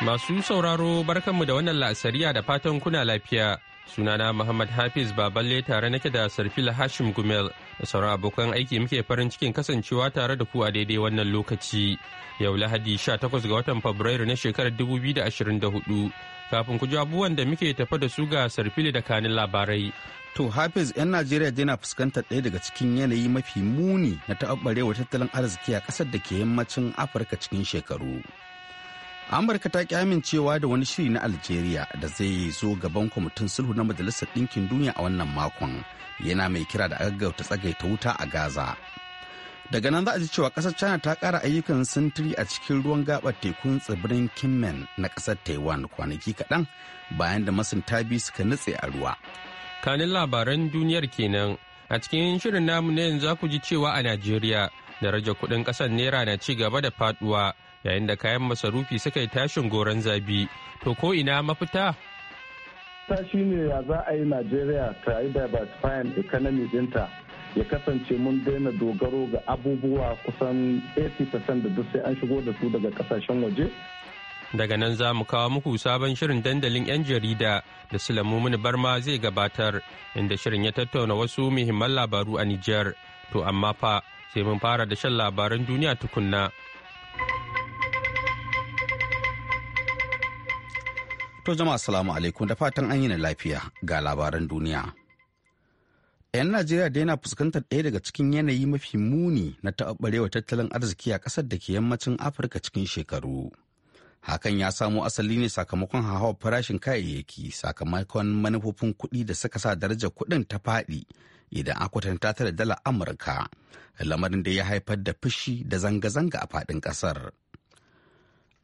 Masu sauraro barkanmu da wannan la'asariya da fatan kuna lafiya. Sunana Muhammad Hafiz Baballe tare nake da Sarfil Hashim Gumel da sauran abokan aiki muke farin cikin kasancewa tare da ku a daidai wannan lokaci. Yau Lahadi 18 ga watan Fabrairu na shekarar 2024. Kafin ku ji abubuwan da muke tafa da su ga Sarfil da kanin labarai. To Hafiz 'yan Najeriya yana fuskantar ɗaya daga cikin yanayi mafi muni na taɓarewa tattalin arziki a ƙasar da ke yammacin Afirka cikin shekaru. amurka ta ki amincewa da wani shiri na algeria da zai zo gaban kwamitin sulhu na majalisar ɗinkin duniya a wannan makon yana mai kira da gaggauta tsagaita wuta a gaza daga nan za a ji cewa ƙasar china ta kara ayyukan sintiri a cikin ruwan gabar tekun tsibirin kinmen na ƙasar taiwan kwanaki kaɗan bayan da masunta biyu suka nutse a ruwa kanin labaran duniyar kenan a cikin shirin namu na yanzu ku ji cewa a najeriya darajar kuɗin ƙasar naira na ci gaba da faɗuwa yayin da kayan masarufi suka yi tashin goron zabi to ko ina mafita ta shi ne ya za a yi najeriya ta yi diversifying economy dinta ya kasance mun daina dogaro ga abubuwa kusan 80% da duk sai an shigo da su daga kasashen waje daga nan za mu kawo muku sabon shirin dandalin 'yan jarida da mini barma zai gabatar inda shirin ya tattauna wasu muhimman labaru a nijar to amma fa sai mun fara da shan labaran duniya tukunna. To jama'a salamu alaikum da fatan an yi na lafiya ga labaran duniya. 'Yan Najeriya da yana fuskantar ɗaya daga cikin yanayi mafi muni na taɓarewa tattalin arziki a ƙasar da ke yammacin Afirka cikin shekaru. Hakan ya samo asali ne sakamakon hawa farashin kayayyaki sakamakon manufofin kuɗi da suka sa darajar kuɗin ta faɗi idan a kwatanta ta da dala Amurka, lamarin da ya haifar da fushi da zanga-zanga a faɗin ƙasar.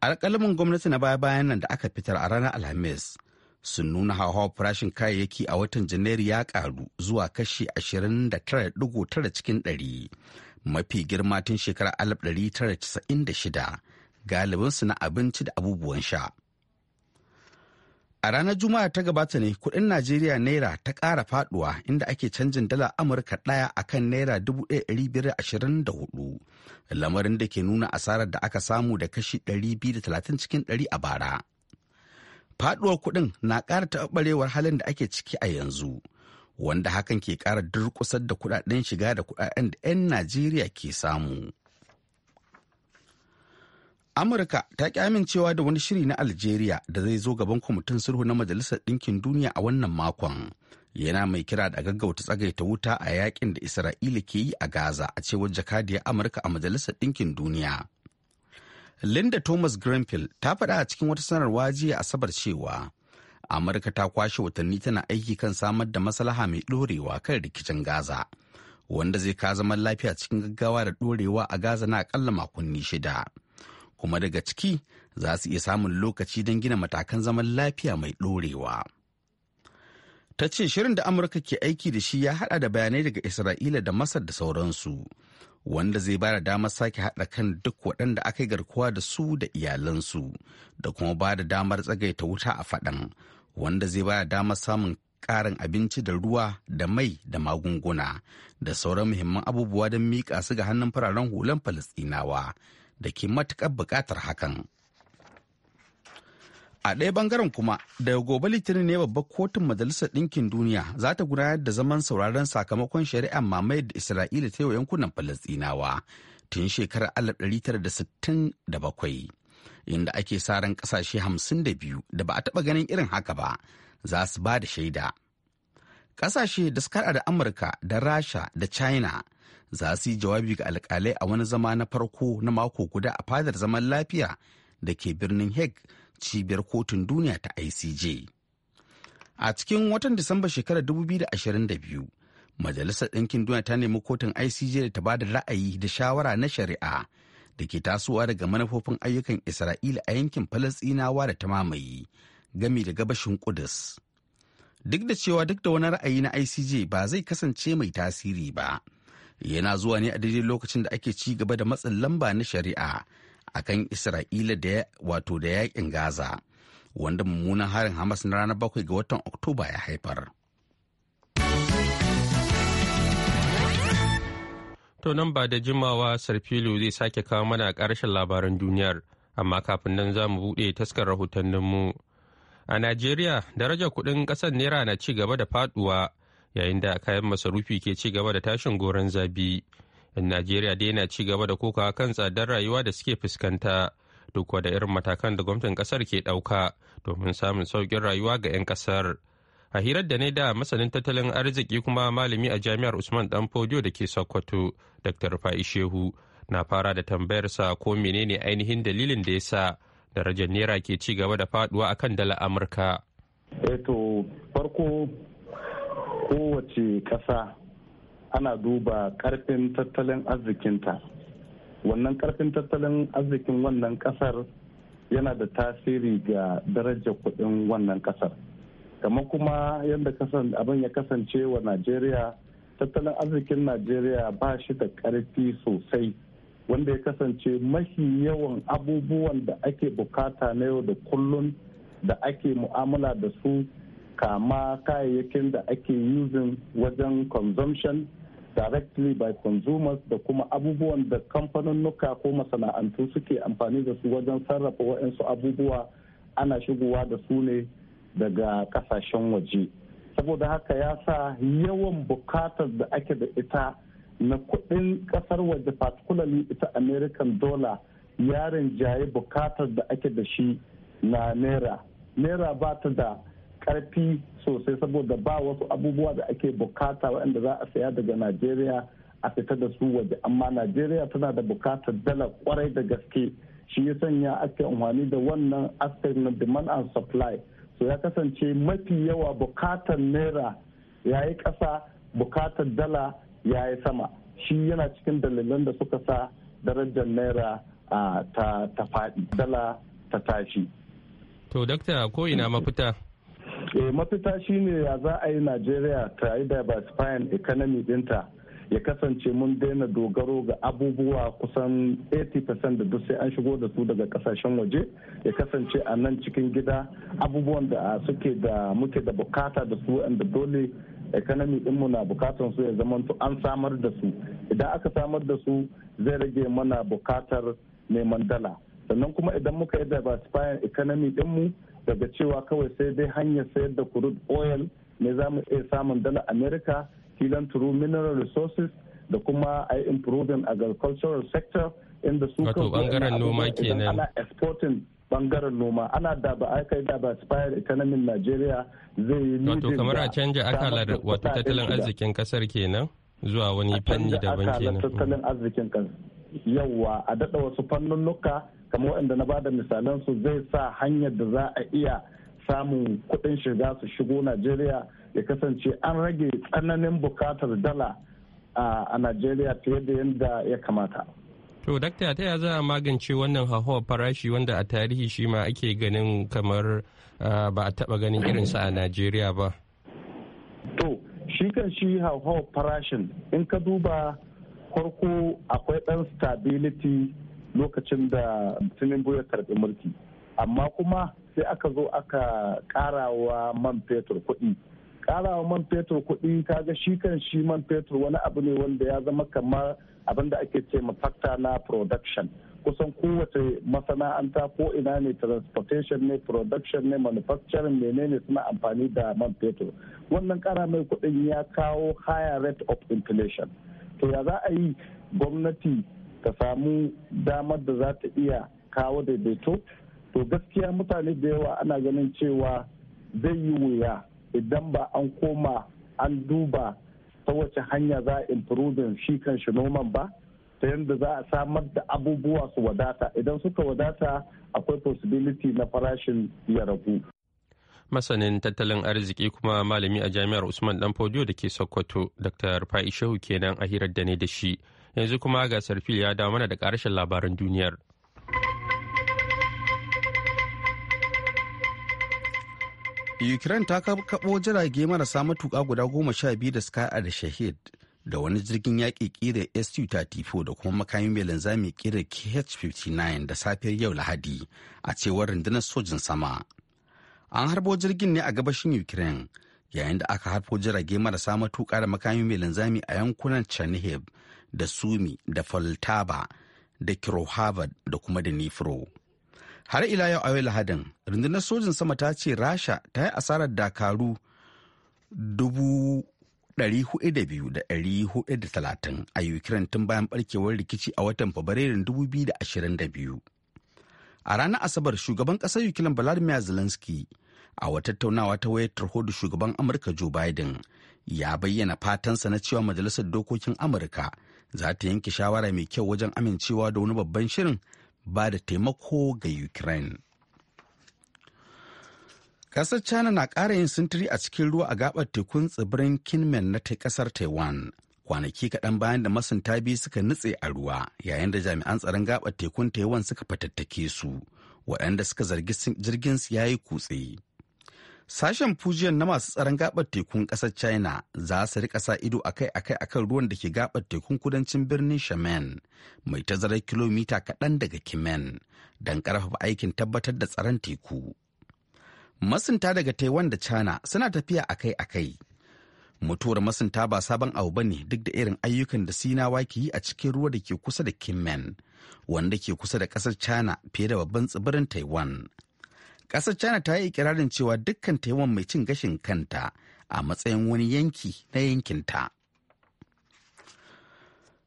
alƙalamin gwamnati na baya-bayan nan da aka fitar a ranar alhamis sun nuna hauhawar farashin kayayyaki a watan janairu ya ƙaru zuwa kashi 29.9 cikin 100 mafi girma tun shekarar 1996 galibinsu na abinci da abubuwan sha. A ranar Juma'a ta gabata ne kuɗin Najeriya Naira ta ƙara faɗuwa inda ake canjin dala Amurka ɗaya a kan Naira 1,524, lamarin da ke nuna asarar da aka samu da kashi 230 cikin 100 a bara. Faɗuwar kuɗin na ƙara taɓarewar halin da ake ciki a yanzu, wanda hakan ke ƙara durƙusar da kuɗaɗen shiga da kuɗaɗen da 'yan Najeriya ke samu. amurka ta ƙi amincewa da wani shiri na algeria da zai zo gaban kwamitin sulhu na majalisar ɗinkin duniya a wannan makon yana mai kira da gaggauta tsagaita wuta a yakin da isra'ila ke yi a gaza a cewar jakadiyar amurka a majalisar ɗinkin duniya linda thomas grenfell ta faɗa a cikin wata sanarwa jiya asabar cewa amurka ta kwashe watanni tana aiki kan samar da maslaha mai ɗorewa kan rikicin gaza wanda zai ka zaman lafiya cikin gaggawa da ɗorewa a gaza na akalla makonni shida. kuma daga ciki za su iya samun lokaci don gina matakan zaman lafiya mai ɗorewa. Ta ce shirin da Amurka ke aiki da shi ya haɗa da bayanai daga Isra'ila da Masar da sauransu, wanda zai bada damar sake haɗa kan duk waɗanda aka yi garkuwa da su da iyalansu, da kuma ba da damar tsagaita wuta a faɗan, wanda zai bada damar samun ƙarin abinci da ruwa da mai da magunguna da sauran muhimman abubuwa don miƙa su ga hannun fararen hulan Falasɗinawa da ke matuƙar buƙatar hakan. A ɗaya bangaren kuma, daga gobe litinin ne babbar kotun Majalisar Ɗinkin Duniya za ta gudanar da zaman sauraron sakamakon shari'ar mamayar da Isra'ila ta yi wa yankunan Falastinawa tun shekarar 1967, inda ake sa ran ƙasashe 52 da ba a taɓa ganin irin haka ba za su ba da shaida. Ƙasashe da suka da Amurka da Rasha da China za su yi jawabi ga alkalai a wani zama na farko na mako guda a fadar zaman lafiya da ke birnin hague cibiyar kotun duniya ta icj a cikin watan disamba shekarar 2022 majalisar ɗinkin duniya ta nemi kotun icj da ta ba da ra'ayi da shawara na shari'a da ke tasowa daga manufofin ayyukan isra'ila a yankin falasɗinawa da ta mamaye gami da gabashin kudus duk da cewa duk da wani ra'ayi na icj ba zai kasance mai tasiri ba yana zuwa ne a daidai lokacin da ake ci gaba da matsin lamba na shari'a a kan isra'ila da wato da yakin gaza wanda mummunan harin hamas na ranar bakwai ga watan oktoba ya haifar to nan ba da jimawa sarfilo zai sake kawo mana ƙarshen labaran duniyar amma kafin nan za mu buɗe taskar rahotanninmu a najeriya darajar kuɗin ƙasar naira na ci gaba da faɗuwa yayin da kayan masarufi ke ci gaba da tashin goron zabi yan najeriya dai yana ci gaba da kokawa kan tsadar rayuwa da suke fuskanta duk da irin matakan da gwamnatin kasar ke ɗauka domin samun saukin rayuwa ga 'yan kasar a hirar da ne da masanin tattalin arziki kuma malami a jami'ar usman dan fodio da ke sokoto dr fa'i shehu na fara da tambayarsa ko menene ainihin dalilin da ya sa darajar naira ke ci gaba da faduwa akan dala amurka eto eh farko kowace ƙasa ana duba ƙarfin tattalin arzikinta wannan ƙarfin tattalin arzikin wannan ƙasar yana da tasiri ga darajar kuɗin wannan ƙasar kamar kuma yadda abin ya kasance wa najeriya tattalin arzikin najeriya ba shi da ƙarfi sosai wanda ya kasance mafi yawan abubuwan da ake bukata na yau da kullun da ake mu'amala da su kama kayayyakin da ake using wajen consumption directly by consumers da kuma abubuwan da kamfanin nuka ko masana'antu suke amfani da su wajen sarrafa waɗansu abubuwa ana shigowa da su ne daga kasashen waje saboda haka ya sa yawan bukatar da ake da ita na kuɗin ƙasar waje particularly ita american dollar yaren jaye bukatar da ake da shi na naira naira ba ta da karfi sosai saboda ba wasu abubuwa da ake bukata waɗanda za a saya daga najeriya a fita da su waje amma najeriya tana da bukatar dala kwarai da gaske shi ya sanya ake amfani da wannan aspect na demand and supply so ya kasance mafi yawa bukatar naira ya yi ƙasa bukatar dala ya yi sama shi yana cikin dalilan da suka sa darajar naira ta faɗi dala ta tashi to dakta ko ina mafita Eh, mafita shi ne ya za a yi najeriya ta yi diversifying economy dinta ya kasance mun daina dogaro ga abubuwa kusan 80% da duk sai an shigo da su daga kasashen waje ya kasance a nan cikin gida abubuwan da suke da muke da bukata da su wanda dole economy dinmu na bukatar su ya zamanto an samar da su idan aka samar da su zai rage mana bukatar neman dala sannan kuma idan muka yi diversifying economy dinmu daga cewa kawai sai dai hanyar sayar da crude oil ne za mu iya samun dala america filan turu mineral resources da kuma a yi improving agricultural sector inda su kawai bangaren noma kenan ana exporting bangaren noma ana da ba a kai da ba spire economy Nigeria zai yi wato kamar a canja da wato tattalin arzikin kasar kenan zuwa wani fanni daban kenan tattalin arzikin kasar yawwa a dada wasu fannin luka kamar waɗanda na bada misalan su zai sa hanyar da za a iya samun kuɗin shiga su shigo najeriya ya kasance an rage tsananin bukatar dala a najeriya fiye da yadda ya kamata to dakta ta za a magance wannan hauhawar farashi wanda a tarihi shi ma ake ganin kamar ba a taɓa ganin irinsa a najeriya ba to shi kan shi hauhawar farashin in ka duba farko akwai ɗan stability lokacin da tinubu ya karbi mulki amma kuma sai aka zo aka karawa man fetur kuɗi karawa man fetur kuɗi kaga shi kan shi man fetur wani abu ne wanda ya zama kamar abin da ake ce fakta na production kusan kowace masana'anta ko ina ne transportation ne production ne manufacturing menene suna amfani da man fetur wannan kara mai kuɗin ya kawo higher rate of inflation to ya za a yi gwamnati ta samu damar da za ta iya kawo daidaito to gaskiya mutane da yawa ana ganin cewa zai yi wuya idan ba an koma an duba ta wace hanya za a improving shi kan shi noman ba ta yadda za a samar da abubuwa su wadata idan suka wadata akwai possibility na farashin ya ragu. masanin tattalin arziki kuma malami a jami'ar usman dan da ke sokoto dr fa'i kenan a hirar da ne da shi yanzu kuma ga sarfil ya dawo mana da ƙarshen labaran duniyar ukraine ta kabo jirage marasa matuƙa guda goma sha biyu da suka da shahid da wani jirgin yaƙi ƙira su da kuma makamin mai linzami ƙira kh-59 da safiyar yau lahadi a cewar rundunar sojin sama an harbo jirgin ne a gabashin ukraine yayin da aka harbo jirage marasa matuƙa da makamin mai linzami a yankunan chernihiv da Sumi da Faltaba da harvard da kuma da Nifro. Har ila yau a Lahadin, rundunar sojin sama ta ce Rasha ta yi asarar dakaru 402,430 a Ukraine tun bayan barkewar rikici a watan Fabrairun 2022. A ranar Asabar shugaban ƙasar Ukraine Vladimir Zelensky a wata tattaunawa ta wayar tarho da shugaban Amurka Joe Biden ya bayyana fatansa na cewa Majalisar Dokokin Amurka za ta yanke shawara mai kyau wajen amincewa da wani babban shirin ba da taimako ga ukraine kasar china na ƙara yin sintiri a cikin ruwa a gabar tekun tsibirin kinmen na kasar taiwan kwanaki kaɗan bayan da masunta biyu suka nutse a ruwa yayin da jami'an tsaron gabar tekun taiwan suka fatattake su waɗanda suka zargi jirgin su yi kutse Sashen fujiyan na masu tsaron gabar tekun ƙasar China za su rika sa ido akai-akai akan ruwan da ke gabar tekun kudancin birnin shaman mai tazarar kilomita kaɗan daga Kimen don ƙarfafa aikin tabbatar da tsaron teku. Masunta daga Taiwan da China suna tafiya akai-akai. Mutuwar masunta ba sabon abu ba ne duk da irin ayyukan da Sinawa ke yi a cikin ruwa da ke kusa da Kimen, wanda ke kusa da ƙasar China fiye da babban tsibirin Taiwan. Ƙasar China ta yi ikirarin cewa dukkan Taiwan mai cin gashin kanta a matsayin wani yanki na yankinta.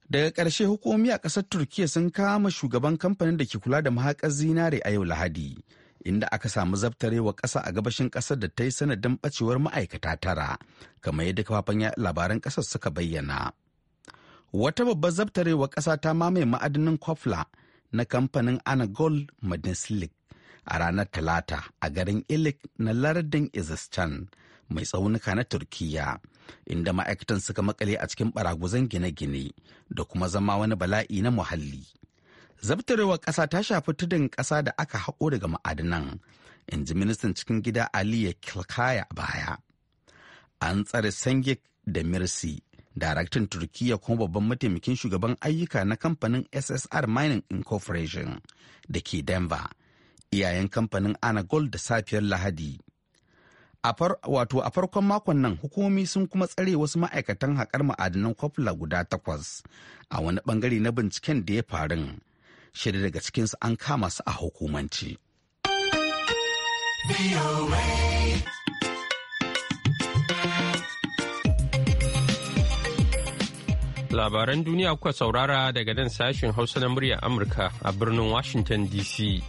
Daga ƙarshe hukumomi a ƙasar Turkiyya sun kama shugaban kamfanin da ke kula da mahaƙar zinare a yau Lahadi, inda aka samu wa ƙasa a gabashin ƙasar da ta yi sanadin ɓacewar ma'aikata tara, kamar yadda kafafen labaran ƙasar suka bayyana. Wata babbar wa ƙasa ta mamaye ma'adinin Kofla na kamfanin Anagol Madinsilik a ranar Talata a garin Ilik na lardin Izistan mai tsaunuka na Turkiyya, inda ma'aikatan suka makale a cikin baraguzan gine-gine da kuma zama wani bala'i na muhalli. zabtarewa ƙasa ta shafi tudun ƙasa da aka haƙo daga ma'adanan, in ji ministan cikin gida Aliyu Kilkaya a baya. An tsare sangik da Mirsi, daraktan turkiya kuma babban mataimakin shugaban ayyuka na kamfanin SSR Mining Incorporation da ke Denver iyayen kamfanin anagol da safiyar lahadi wato a farkon makon nan hukumomi sun kuma tsare wasu ma'aikatan haƙar ma'adanan kwafla guda takwas a wani bangare na binciken da ya farin shida daga cikinsu an kama su a hukumanci labaran duniya kuka saurara daga nan sashen hausa na murya amurka a birnin washington dc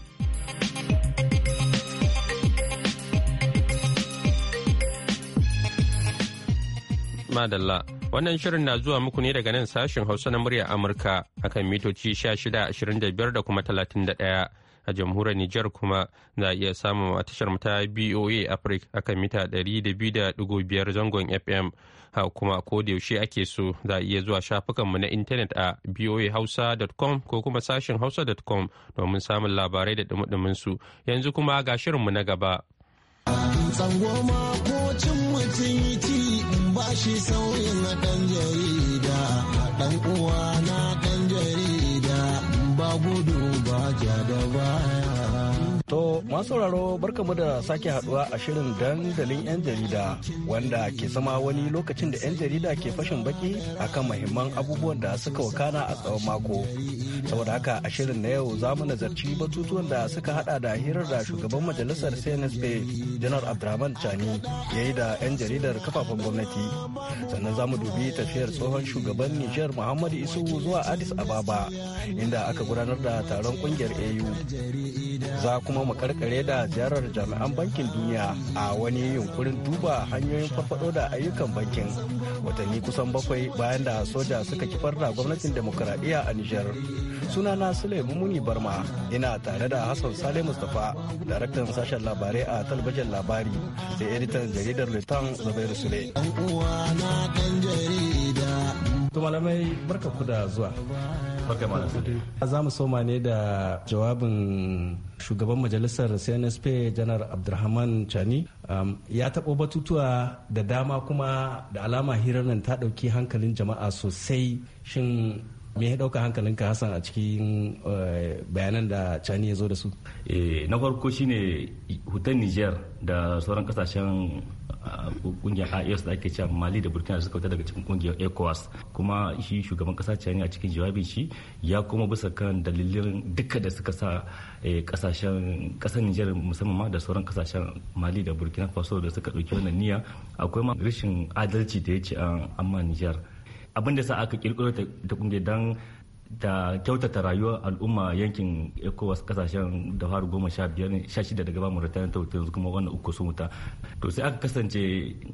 Madalla. Wannan shirin na zuwa muku ne daga nan sashen Hausa na murya Amurka akan mitoci 1625 da kuma 31 a jamhuriyar Nijar kuma za a iya samun a tashar ta BOA Africa akan mita 200.5 zangon FM. Ha kuma ko da yaushe ake so za a iya zuwa shafukanmu na intanet a boahausa.com ko kuma sashen hausa.com domin samun labarai da dumudumin su. Yanzu kuma ga shirinmu na gaba. mutum bashi sauyin ɗan jarida a ɗan uwa na ɗan jarida ba gudu ba ja da To masu sauraro barkamu da sake haduwa a shirin dandalin 'yan jarida wanda ke sama wani lokacin da 'yan jarida ke fashin baki akan mahimman abubuwan da suka wakana a tsawon mako. Saboda haka a shirin na yau za mu nazarci batutuwan da suka hada da hirar da shugaban majalisar CNSP Janar Abdurrahman Chani ya yi da 'yan jaridar kafafen gwamnati. Sannan za mu dubi tafiyar tsohon shugaban Nijar Muhammadu isu zuwa Addis Ababa inda aka gudanar da taron kungiyar AU. za kuma mu karkare da ziyarar jami'an bankin duniya a wani yunkurin duba hanyoyin farfado da ayyukan bankin watanni kusan bakwai bayan da soja suka kifar da gwamnatin demokuraɗiyya a nijar sunana suleiman muni barma ina tare da hassan sale mustapha daraktan sashen labarai a talabijin labari da editan jaridar litan zabairu sule to malamai barka ku da zuwa za mu soma ne da jawabin shugaban majalisar cnsp janar abdulrahman chani um, ya taɓo batutuwa da dama kuma da alama hirar nan ta ɗauki hankalin jama'a sosai shin me ya dauka ka hassan a cikin eh, bayanan da chani ya zo da su eh, na farko shine hutar niger da sauran kasashen kungiyar ah, ios da ake cewa mali da burkina suka fita daga cikin kungiyar ecowas kuma shi shugaban kasa chani a cikin jawabin shi ya kuma bisa kan dalilin duka da suka sa kasashen eh, kasar niger musamman ma da sauran kasashen mali da burkina faso da suka dauki wannan niyya akwai ma rashin adalci da ya ce an amma niger abin da sa aka kirkiro ta kungiyar don da kyautata rayuwar al'umma yankin ecowas kasashen da faru goma sha biyar sha shida daga bamu ritaya ta wuta yanzu kuma wannan uku sun wuta to sai aka kasance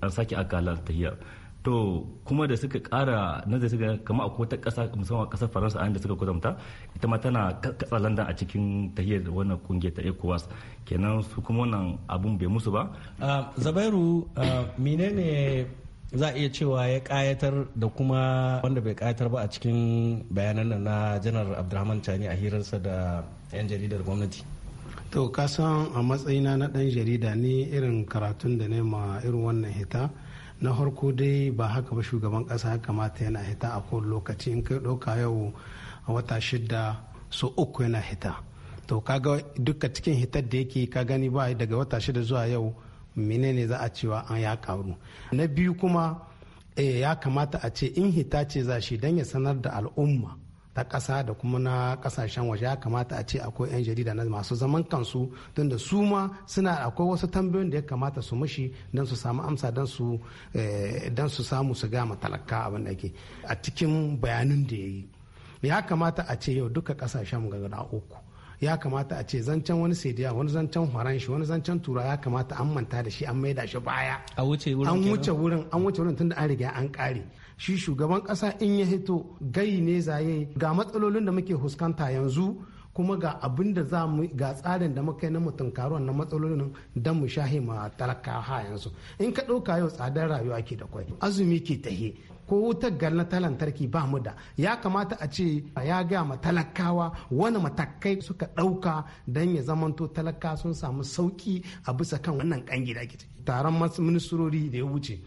an sake aka halarta hiyar to kuma da suka kara nazari suka kama a kota kasa musamman kasar faransa an da suka kudamta ita ma tana katsa landan a cikin tahiyar wannan kungiyar ta ecowas kenan su kuma wannan abun bai musu ba ah, zabairu ah, menene za a iya cewa ya kayatar da kuma wanda bai kayatar ba a cikin bayanan na janar abdulrahman chani a hirarsa da 'yan jaridar gwamnati to ka san a matsayina na dan jarida ne irin karatun da ne ma irin wannan hita na harko dai ba haka ba shugaban kasa ya kamata yana hita a kowane lokaci in kai ɗauka yau a wata shida so uku yana hita to kaga duka cikin hitar da yake ka gani ba daga wata shida zuwa yau menene za a cewa an ya karu na biyu kuma eh, ya kamata a ce in hita ce za shi don ya sanar da al'umma ta ƙasa da kuma na ƙasashen waje ya kamata a ce akwai 'yan jarida na masu zaman kansu don da su ma suna akwai wasu tambayoyin da ya kamata su mushi don su samu amsa don su eh, samu su gama talaka abin da ke a cikin bayanin da ya yi ya kamata a ce yau duka ƙasashen gara uku ya kamata a ce zancen wani sediya wani zancen faranshi wani zancen tura ya kamata an manta da shi an maida shi baya a wuce wurin an wuce wurin an wuce wurin tunda an riga an kare shi shugaban kasa in ya hito gai ne zaye ga matsalolin da muke fuskanta yanzu kuma ga abin da za mu ga tsarin da muka yi na mutum karuwan na matsalolin don mu shahi ma talakawa yanzu in ka ɗauka yau tsadar rayuwa ke da kwai azumi ke tahe ko wutar gar na ta lantarki ba mu da ya kamata a ce ya gaya ma talakawa wani matakai suka ɗauka don ya zamanto talaka sun samu sauki a bisa kan wannan kangi da ake taron ministrori da ya wuce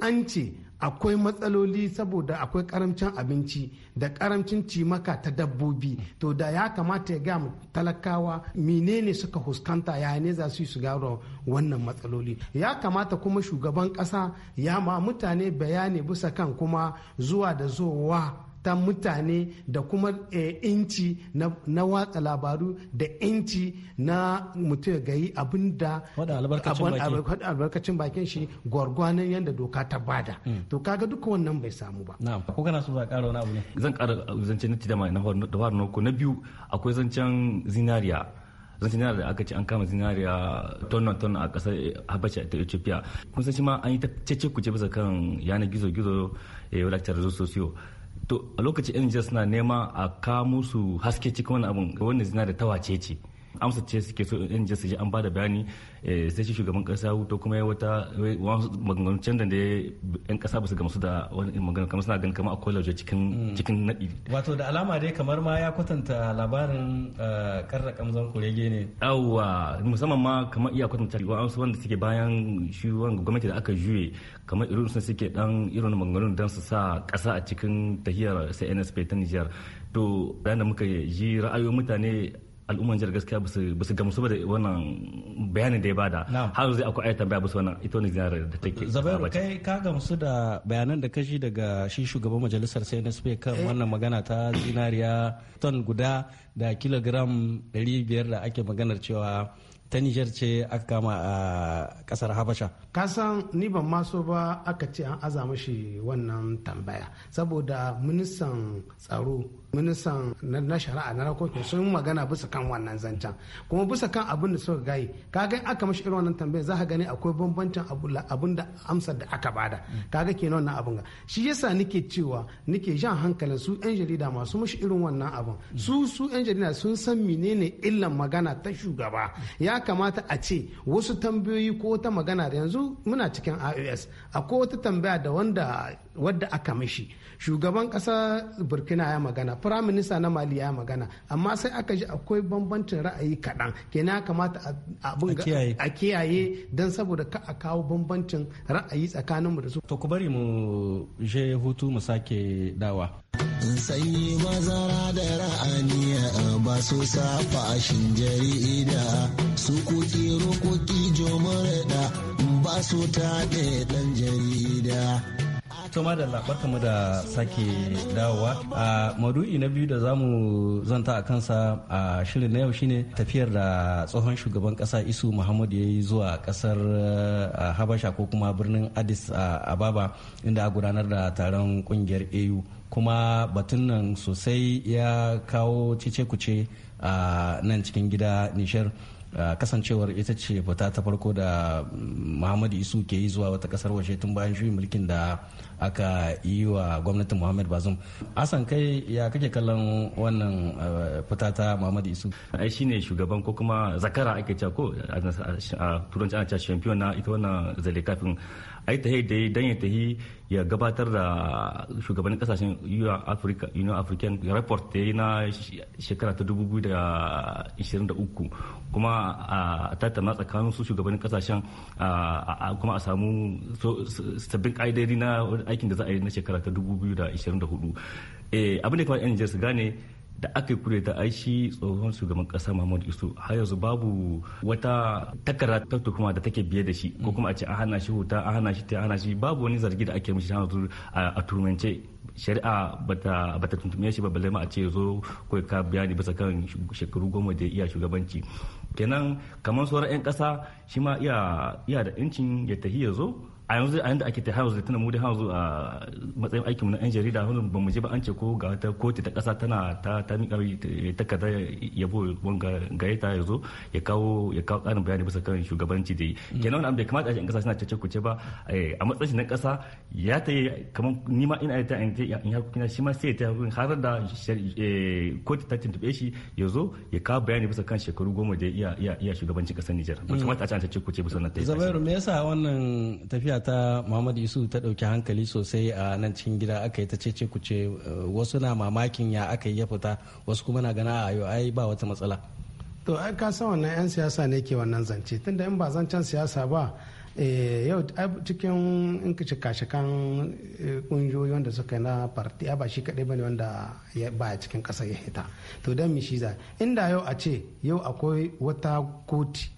an ce akwai matsaloli saboda akwai karamcin abinci da karamcin cimaka ta dabbobi to da ya kamata ya ga talakawa menene suka huskanta ya ne za su yi su gyara wannan matsaloli ya kamata kuma shugaban kasa ya ma mutane bayani bisa kan kuma zuwa da zowa ta mutane da kuma eh, inci na watsa labaru da inci na mutum ga yi abin da albarkacin bakin shi gwargwanon yadda doka ta bada hmm. to kaga duka wannan bai samu ba ko kana so za ƙara wani abu ne zan ƙara uh, zancen da mai na faru na biyu akwai zancen zinariya zancen zinariya da aka ce an kama zinariya tonnan tonnan a ƙasar eh, habasha ta ethiopia kun san shi ma an yi ta cece kuce bisa kan yanar gizo-gizo ya eh, yi wadatar sosiyo to a lokacin yan nijar suna nema a kamu su haske cikin wani abun wanda zina da tawace ce amsa ce suke so yan nijar su ji an bada bayani Eh, sai shi shugaban kasa wuto kuma ya wata maganganun canza da yan kasa ba su gamsu da wani magana kamar suna ganin kamar akwai lauje cikin mm. cikin nadi wato da alama dai kamar ma ya kwatanta labarin karra eh, kamzan kurege ne. yawwa musamman ma kamar iya kwatanta wa'ansu wanda suke bayan shi wanga gwamnati da aka juye kamar irin sun suke dan irin maganganun dan su sa kasa a cikin tahiyar sai nsp ta nijar to da muka ji ra'ayoyin mutane al'umman jihar gaskiya ba su gamsu ba da wannan bayanin da ya bada har zai akwai ayyukan baya bisa wannan ita wani ziyarar da take zabairu kai ka gamsu da bayanan da kashi daga shi shugaban majalisar cnsp kan eh. wannan magana ta zinariya ton guda da kilogram 500 da ake maganar cewa ta nijar ce aka kama a kasar habasha kasan ni ban maso ba aka ce an aza mashi wannan tambaya saboda ministan tsaro ministan na shari'a na rakoki sun magana bisa kan wannan zancen kuma bisa kan abin da suka gayi kaga aka mashi irin wannan tambayar za ka gani akwai bambancin abin da amsar da aka bada kaga kenan wannan abin ga shi yasa nike cewa nake jan hankalin su yan jarida masu mashi irin wannan abin su su yan jarida sun san menene illan magana ta shugaba ya kamata a ce wasu tambayoyi ko wata magana da yanzu muna cikin ios akwai wata tambaya da wanda wadda aka mishi shugaban kasa burkina ya magana prime minister na mali ya magana amma sai aka ji akwai bambancin ra'ayi kaɗan kenan kamata a kiyaye don saboda ka a kawo bambancin ra'ayi tsakaninmu da su to ku bari mu je hutu mu sake dawa sanyi mazara da ra'aniya ba su safa a jarida su kuki rokoki jomar da ba su taɗe ɗan jarida to ma da labarka mu da sake dawowa a madu'i na biyu da zamu zanta a kansa a shirin na yau shine tafiyar da tsohon shugaban kasa isu muhammadu ya yi zuwa kasar habasha ko kuma birnin addis ababa inda a gudanar da taron kungiyar au kuma batun nan sosai ya kawo cece kuce a nan cikin gida nishar Ah, kasancewar ita ce fita ta farko da muhammadu isu ke yi zuwa wata kasar waje tun bayan juyin mulkin da aka yi wa gwamnatin muhammadu bazum asan kai ya kake kallon wannan ah, fita ta muhammadu isu ai shine shugaban ko kuma zakara ake cewa a turanci ana cewa champion na ita wannan zale a yi tahi dai dan ya tahi ya gabatar da shugabannin kasashen union african report da yi na shekara ta 2023 kuma a tattama tsakanin su shugabannin kasashen kuma a samu sabbin ƙa'idodi na aikin da za a yi na shekara ta 2024 eh, abin da kawai yan nijar su gane da aka kure ta aishi tsohon shugaban kasa Muhammadu Isu har yanzu babu wata takarda ta tuhuma da take biye da shi ko kuma a ce an hana shi huta an hana shi ta hana shi babu wani zargi da ake mishi a turmance shari'a ba ta tuntume shi ba balle ma a ce zo ko ka biya ni bisa kan shekaru goma da iya shugabanci kenan kamar sauran 'yan kasa shi ma iya da incin ya tahi ya zo a yanzu a yanda ake ta hawa tana mu da hawa a matsayin aikinmu na 'yan jarida wani ba mu ji ba an ce ko ga wata kotu ta kasa tana ta mika ta kada takarda yabo wanga gare ta ya zo ya kawo ya kawo karin bayani bisa kan shugabanci da yi mm. kenan wani abu kamata a cikin kasa suna cece kuce ba eh, a matsayin na kasa ya ta yi kamar ni ma ina ta in ya kuna shi ma sai ya ta yi har da eh, kotu ta tuntuɓe shi ya zo ya kawo bayani bisa kan shekaru goma da ya iya shugabancin kasar Nijar ba mm. kamata a ce kuce bisa na ta yi. Zabairu me yasa wannan tafiya ta muhammad yusuf ta ɗauki hankali sosai a nan cikin gida aka yi ta cece kuce eh, wasu na mamakin ya aka yi ya fita wasu kuma na gana a yau ai ba wata matsala to ai ka san wannan 'yan siyasa ne ke wannan zance tunda in ba zancen siyasa ba eh, yau cikin in ka kan kungiyoyi eh, wanda suka na parti ba shi kaɗai bane wanda ba a cikin ƙasa ya hita to don shi za inda yau a ce yau akwai wata koti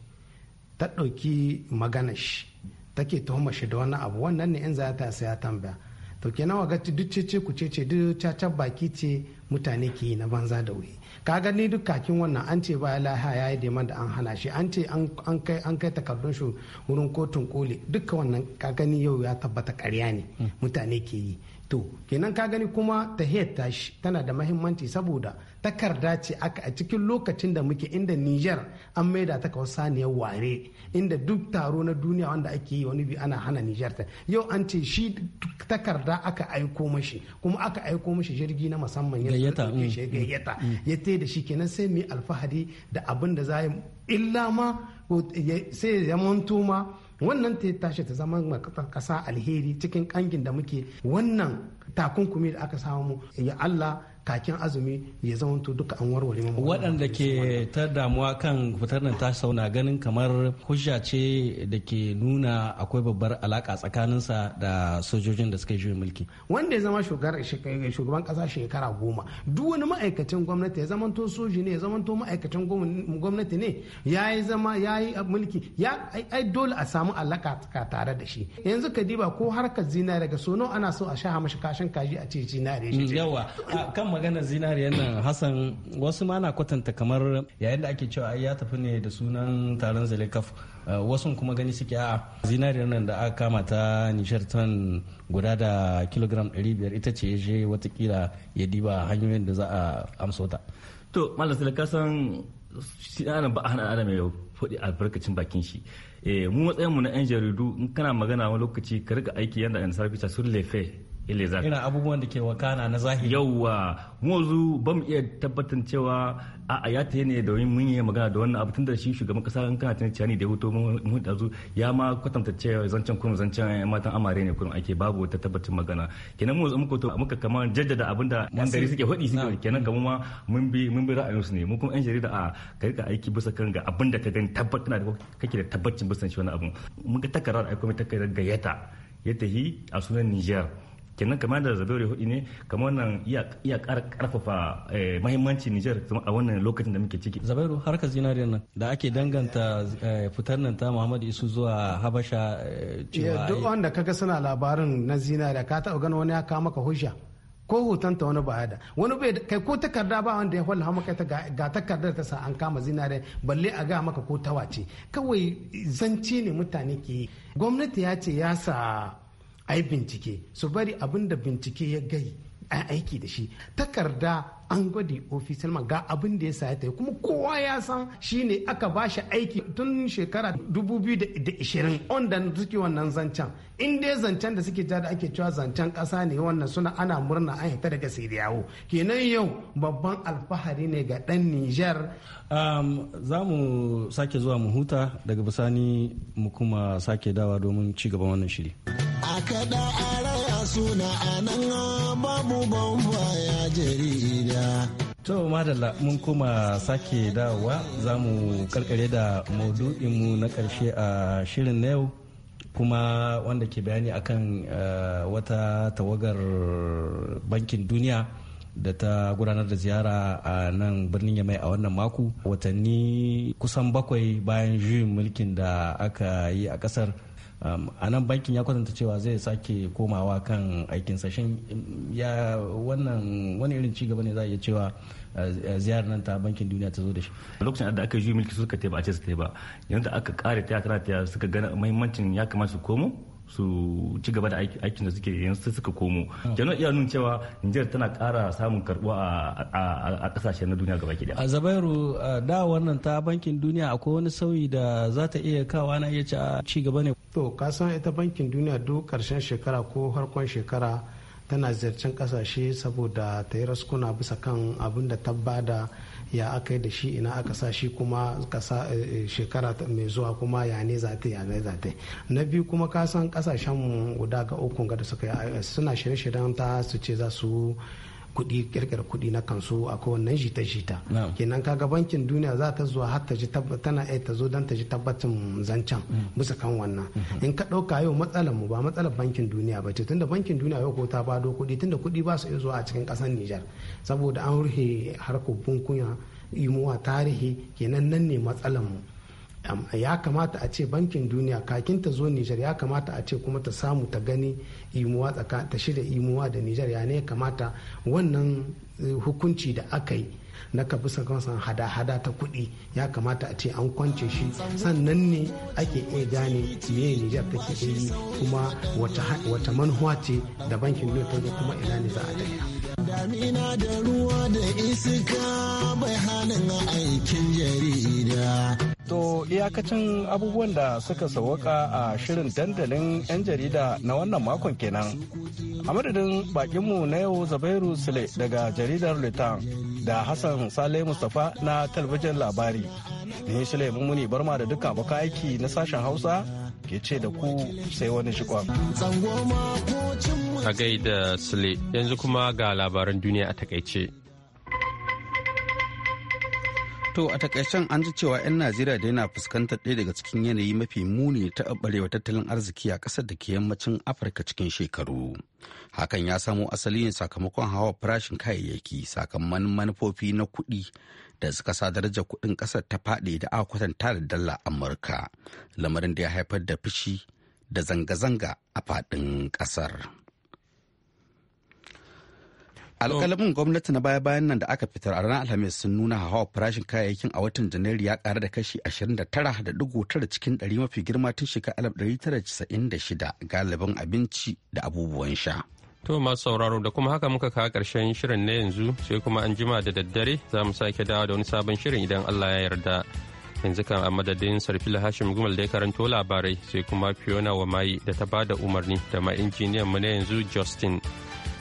ta ɗauki magana shi take tuhuma shi da wani abu wannan ne in za ta saya tambaya to kenan wa gaci duk cece ku cece duk caca baki ce mutane ke yi na banza da wuri ka gani duk kakin wannan an ce ba laha ya yi deman da an hana shi an ce an kai takardun shi wurin kotun koli duka wannan ka gani yau ya tabbata karya ne hmm. mutane ke yi to kenan ka gani kuma tahiyar tashi tana da mahimmanci saboda takarda ce aka a cikin lokacin da muke inda Niger an maida ta kawar saniyar ware inda duk taro na duniya wanda ake yi wani bi ana hana Niger ta yau an ce shi takarda aka aiko mashi kuma aka aiko mashi jirgi na musamman mm, mm, mm. ya gayyata gayyata ya ta da shi kenan sai mu alfahari da abin da za illa ma sai ya zamanto ma wannan ta tashi ta zama kasa alheri cikin kangin da muke wannan takunkumi da aka samu ya Allah kakin azumi ya to duka an warware mu waɗanda ke ta damuwa kan fitar nan ta sauna ganin kamar hujja ce da ke nuna akwai babbar alaka tsakaninsa da sojojin da suka juyin mulki wanda ya zama shugaban kasa eh, shekara goma duk wani ma'aikacin gwamnati ya to soji ne ya to ma'aikacin gwamnati ne ya yi zama ya yi mulki ya ai dole a samu alaka tare da shi yanzu kadiba ko harkar zinare daga sono ana so a sha mashi kashin kaji a ce zinare shi yawa kan magana zinariya nan Hassan wasu ma na kwatanta kamar yayin da ake cewa ya tafi ne da sunan taron zalikaf eh, wasu kuma gani suke a zinariyar nan da aka kama ta nishar ton guda da kilogram 500 ita ce ya je watakila ya diba hanyoyin da za a amsota. To Malam Zelekaf shi ana ba hana ana ya faɗi albarkacin bakin shi eh, mu matsayin mu na yan jaridu in kana magana wani lokaci ka riga aiki yadda yan ta sun lefe ilizar irin abubuwan da ke wakana na zahiri yauwa mozu ba mu iya tabbatar cewa a ya ta ne domin mun yi magana da wannan abu tun da shi shugaban kasa in kana tunan ni da hoto mun dazu ya ma kwatanta cewa zancen kurum zancen matan amare ne kurum ake babu wata tabbacin magana kenan mu muka to muka kama jaddada abin da nan gari suke hudi suke kenan kamar ma mun bi mun bi ra'ayinsu ne mu kuma yan jarida a ka rika aiki bisa kan ga abin da ka gani tabbatar da kake da tabbacin bisa shi wani abu mun ga takarar aiko mai takarar gayyata ya tahi a sunan Niger kenan kamar da zabere hudu ne kamar wannan iya karfafa eh, mahimmanci Nijar a wannan lokacin da muke ciki zabairu harkar zinariyar nan da ake danganta eh, fitar nan ta Muhammadu Isu zuwa Habasha eh, cewa duk wanda kaga suna labarin na zinariya ka taɓa ganin wani ya kawo maka hujja ko wani ba da wani bai kai ko takarda ba wanda ya wallafa maka ta ga takardar ta sa an kama zinare balle a ga maka ko tawace kawai zance ne mutane ke gwamnati ya ce ya sa a bincike su bari abin da bincike ya gai a aiki da shi takarda an gwade ofisar ma ga abin da ya sa ta kuma kowa ya san shi ne aka ba shi aiki tun shekara 2020 on da suke wannan zancen in dai zancen da suke ja da ake cewa zancen kasa ne wannan suna ana murna an hita daga yawo kenan yau babban alfahari ne ga dan niger za mu sake zuwa mu huta daga bisani mu kuma sake dawa domin ci gaban wannan shiri. a kada a raya suna a nan babu bamba ya jarida To madalla mun kuma sake dawowa za mu karkare da mu na karshe a shirin na yau kuma wanda ke bayani akan eh, wata tawagar bankin duniya da ta gudanar da ziyara a nan birnin yamai a wannan mako watanni kusan bakwai bayan juyin mulkin da aka yi a kasar Um, a nan bankin ya kwatanta cewa zai sake komawa kan aikin sashen um, ya wannan wani irin cigaba ne za a iya cewa uh, uh, ziyarar nan ta bankin duniya ta zo da shi lokacin da aka yi mulki suka teba a ce su teba yanzu aka kare ta tana ta suka gana muhimmancin ya kamata su komo su ci gaba da aikin da suke yanzu suka komo kenan iya nun cewa Nijar tana kara samun karbuwa a kasashen na duniya gaba daya a zabairu da wannan ta bankin duniya akwai wani sauyi da za ta iya kawa na iya ci gaba ne to ka san ita bankin duniya duk karshen shekara ko harkon shekara tana ziyarcen kasashe saboda ta yi raskuna bisa kan abin da ta bada ya aka yi da shi ina aka sa shi kuma kasa eh, shekara mai zuwa kuma ya ne za ta ya za ta na biyu kuma ka san kasashen guda ga uku ga da suka yi suna shirye-shiryen ta su ce za su kuɗi kirkir kuɗi na kansu a kowannen jita-jita kenan kaga bankin duniya za ta zuwa har ta ji tana iya ta zo dan ta ji tabbacin zancen mm. bisa kan wannan mm-hmm. in ka ɗauka yau matsalar mu ba matsalar bankin duniya ba ce tunda bankin duniya yau ko ta bado kuɗi tunda kuɗi ba su iya zuwa a cikin kasar Nijar saboda an rufe harkar bunkunya imuwa tarihi kenan nan ne matsalar mu ya kamata a ce bankin duniya kakin ta zo nijar ya kamata a ce kuma ta samu ta gani imuwa ta shirya imuwa da nijar ya ne kamata wannan eh, hukunci da aka yi na ka fi sakansan hada-hada ta kuɗi ya kamata a ce an kwance shi sannan ne ake iya gane meye nijar take yi kuma wata manhuwa ce da bankin duniya ta kuma ina ne za a tafiya damina da ruwa da iska bai halin aikin jarida To iyakacin abubuwan da suka sawaka a shirin dandalin 'yan jarida na wannan makon kenan. A madadin bakinmu na yau Zabairu Sule daga jaridar Litan da Hassan Sale Mustapha na talbijin labari. Ni Sule Mummuni Barma da duka abokan aiki na sashen Hausa ke ce da ku sai wani shikon. A gaida Sule yanzu kuma ga labaran duniya a takaice. To a takaicen an ji cewa 'yan Najeriya da yana fuskantar ɗaya daga cikin yanayi mafi muni ta ɓarewa tattalin arziki a ƙasar da ke yammacin Afirka cikin shekaru. Hakan ya samo asali ne sakamakon hawa farashin kayayyaki sakamakon manufofi na kuɗi da suka sa darajar kuɗin ƙasar ta faɗi da aka kwatanta da dala Amurka. Lamarin da ya haifar da fushi da zanga-zanga a faɗin ƙasar. alƙalamin gwamnati na baya-bayan nan da aka fitar a ranar alhamis sun nuna hawa farashin kayayyakin a watan janairu ya ƙara da kashi 29.9 cikin 100 mafi girma tun shekarar 1996 galibin abinci da abubuwan sha. To masu sauraro da kuma haka muka kawo karshen shirin na yanzu sai kuma an jima da daddare za mu sake dawo da wani sabon shirin idan Allah ya yarda. Yanzu kan a madadin Sarfila Hashim Gumal da ya karanto labarai sai kuma Fiona Wamayi da ta bada umarni da ma injiniyan mu na yanzu Justin.